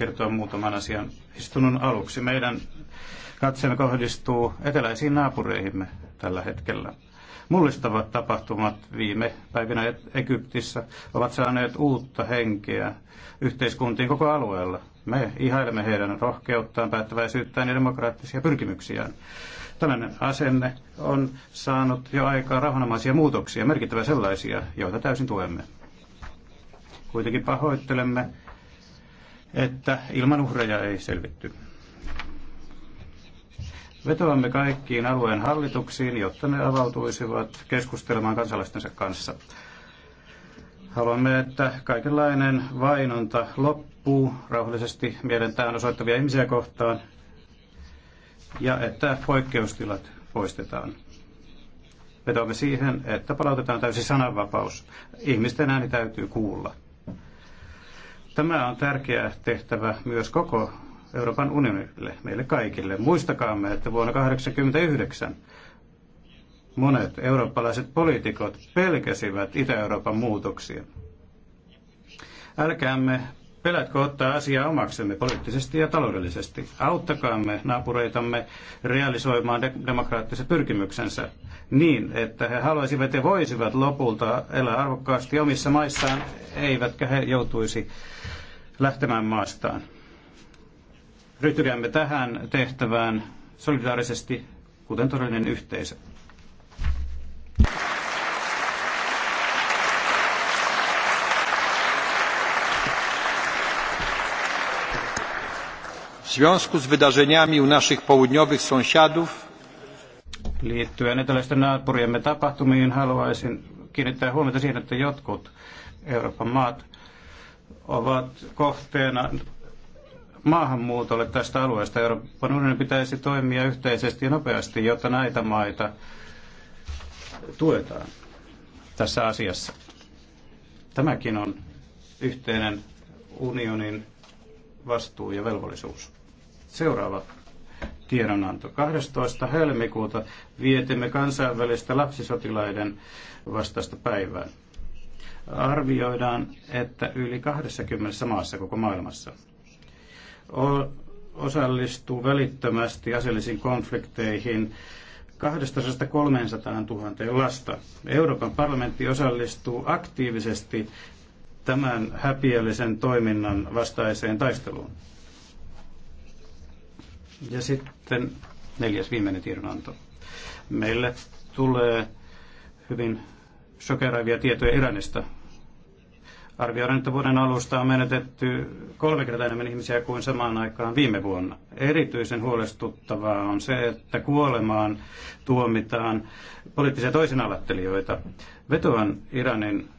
kertoa muutaman asian istunnon aluksi. Meidän katseemme kohdistuu eteläisiin naapureihimme tällä hetkellä. Mullistavat tapahtumat viime päivinä Egyptissä ovat saaneet uutta henkeä yhteiskuntiin koko alueella. Me ihailemme heidän rohkeuttaan, päättäväisyyttään ja demokraattisia pyrkimyksiään. Tällainen asenne on saanut jo aikaa rauhanomaisia muutoksia, merkittäviä sellaisia, joita täysin tuemme. Kuitenkin pahoittelemme että ilman uhreja ei selvitty. Vetoamme kaikkiin alueen hallituksiin, jotta ne avautuisivat keskustelemaan kansalaistensa kanssa. Haluamme, että kaikenlainen vainonta loppuu rauhallisesti mielentään osoittavia ihmisiä kohtaan ja että poikkeustilat poistetaan. Vetoamme siihen, että palautetaan täysi sananvapaus. Ihmisten ääni täytyy kuulla. Tämä on tärkeä tehtävä myös koko Euroopan unionille, meille kaikille. Muistakaamme, että vuonna 1989 monet eurooppalaiset poliitikot pelkäsivät Itä-Euroopan muutoksia. Älkäämme Pelätkö ottaa asiaa omaksemme poliittisesti ja taloudellisesti? Auttakaamme naapureitamme realisoimaan de- demokraattiset pyrkimyksensä niin, että he haluaisivat ja voisivat lopulta elää arvokkaasti omissa maissaan, eivätkä he joutuisi lähtemään maastaan. Ryhtykäämme tähän tehtävään solidaarisesti, kuten todellinen yhteisö. W związku z wydarzeniami u naszych południowych sąsiadów Liittyen eteläisten naapuriemme tapahtumiin haluaisin kiinnittää huomiota siihen, että jotkut Euroopan maat ovat kohteena maahanmuutolle tästä alueesta. Euroopan unionin pitäisi toimia yhteisesti ja nopeasti, jotta näitä maita tuetaan tässä asiassa. Tämäkin on yhteinen unionin vastuu ja velvollisuus. Seuraava tiedonanto. 12. helmikuuta vietimme kansainvälistä lapsisotilaiden vastaista päivää. Arvioidaan, että yli 20 maassa koko maailmassa osallistuu välittömästi aseellisiin konflikteihin 200 300 000 lasta. Euroopan parlamentti osallistuu aktiivisesti tämän häpiällisen toiminnan vastaiseen taisteluun. Ja sitten neljäs viimeinen tiedonanto. Meille tulee hyvin sokeraivia tietoja Iranista. Arvioidaan, että vuoden alusta on menetetty kolme kertaa enemmän ihmisiä kuin samaan aikaan viime vuonna. Erityisen huolestuttavaa on se, että kuolemaan tuomitaan poliittisia toisen vetoan Iranin